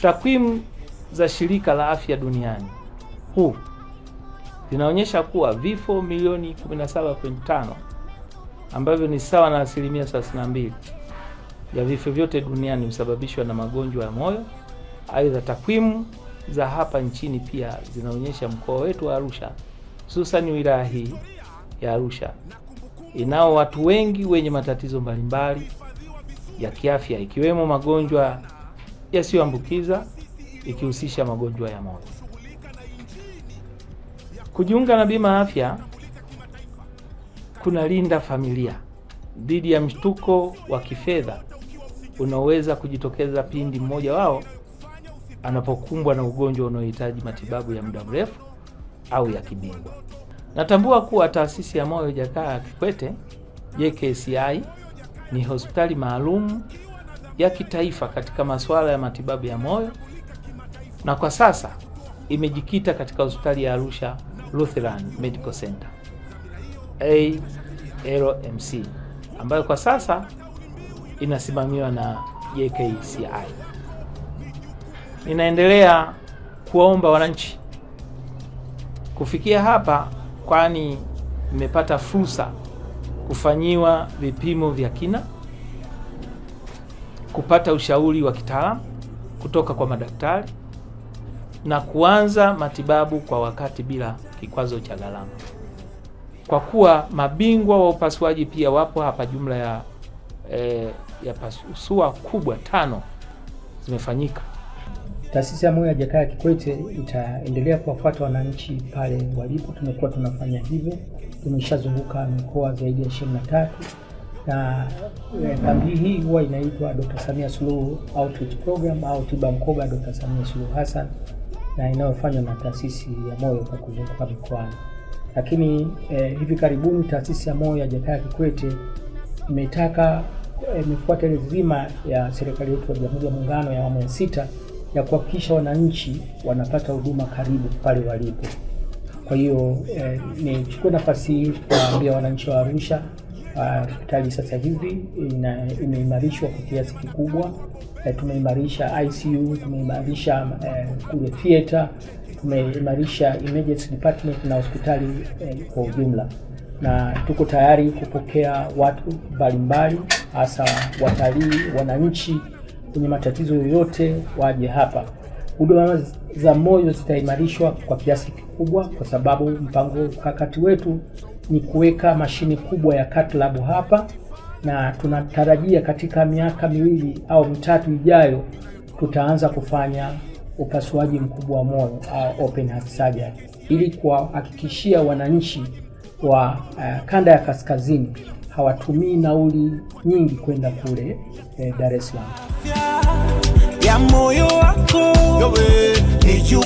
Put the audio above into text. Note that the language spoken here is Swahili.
Takwimu za shirika la afya duniani WHO zinaonyesha kuwa vifo milioni 17.5 ambavyo ni sawa na asilimia 32 ya vifo vyote duniani husababishwa na magonjwa ya moyo. Aidha, takwimu za hapa nchini pia zinaonyesha mkoa wetu wa Arusha, hususani wilaya hii ya Arusha inao watu wengi wenye matatizo mbalimbali ya kiafya ikiwemo magonjwa yasiyoambukiza ikihusisha magonjwa ya moyo. Kujiunga na bima afya afya kunalinda familia dhidi ya mshtuko wa kifedha unaoweza kujitokeza pindi mmoja wao anapokumbwa na ugonjwa unaohitaji matibabu ya muda mrefu au ya kibingwa. Natambua kuwa Taasisi ya Moyo Jakaya Kikwete JKCI ni hospitali maalum ya kitaifa katika masuala ya matibabu ya moyo, na kwa sasa imejikita katika hospitali ya Arusha Lutheran Medical Center ALMC ambayo kwa sasa inasimamiwa na JKCI. Ninaendelea kuwaomba wananchi kufikia hapa, kwani nimepata fursa kufanyiwa vipimo vya kina kupata ushauri wa kitaalamu kutoka kwa madaktari na kuanza matibabu kwa wakati bila kikwazo cha gharama. Kwa kuwa mabingwa wa upasuaji pia wapo hapa, jumla ya e, ya pasua kubwa tano zimefanyika. Taasisi ya Moyo ya Jakaya Kikwete itaendelea kuwafuata wananchi pale walipo. Tumekuwa tunafanya hivyo, tumeshazunguka mikoa zaidi ya ishirini na tatu na eh, kambi hii huwa inaitwa Dr. Samia Suluhu Outreach Program au tiba mkoba Dr. Samia Suluhu Hassan, na inayofanywa na taasisi ya moyo kwa kuzunguka mikoani. Lakini eh, hivi karibuni taasisi ya moyo ya Jakaya Kikwete imetaka eh, imefuata eh, ile dhima ya serikali yetu ya Jamhuri ya Muungano ya awamu ya sita ya kuhakikisha wananchi wanapata huduma karibu pale walipo. Kwa hiyo eh, nichukue nafasi hii kuwaambia wananchi wa Arusha hospitali uh, sasa hivi imeimarishwa kwa kiasi kikubwa. Uh, tumeimarisha ICU, tumeimarisha uh, kule theater, tumeimarisha emergency department na hospitali uh, kwa ujumla, na tuko tayari kupokea watu mbalimbali, hasa watalii, wananchi wenye matatizo yoyote waje hapa huduma za moyo zitaimarishwa kwa kiasi kikubwa, kwa sababu mpango mkakati wetu ni kuweka mashine kubwa ya cath lab hapa, na tunatarajia katika miaka miwili au mitatu ijayo tutaanza kufanya upasuaji mkubwa wa moyo au uh, open heart surgery, ili kuwahakikishia wananchi wa uh, kanda ya kaskazini hawatumii nauli nyingi kwenda kule eh, Dar es Salaam ya moyo wako eh,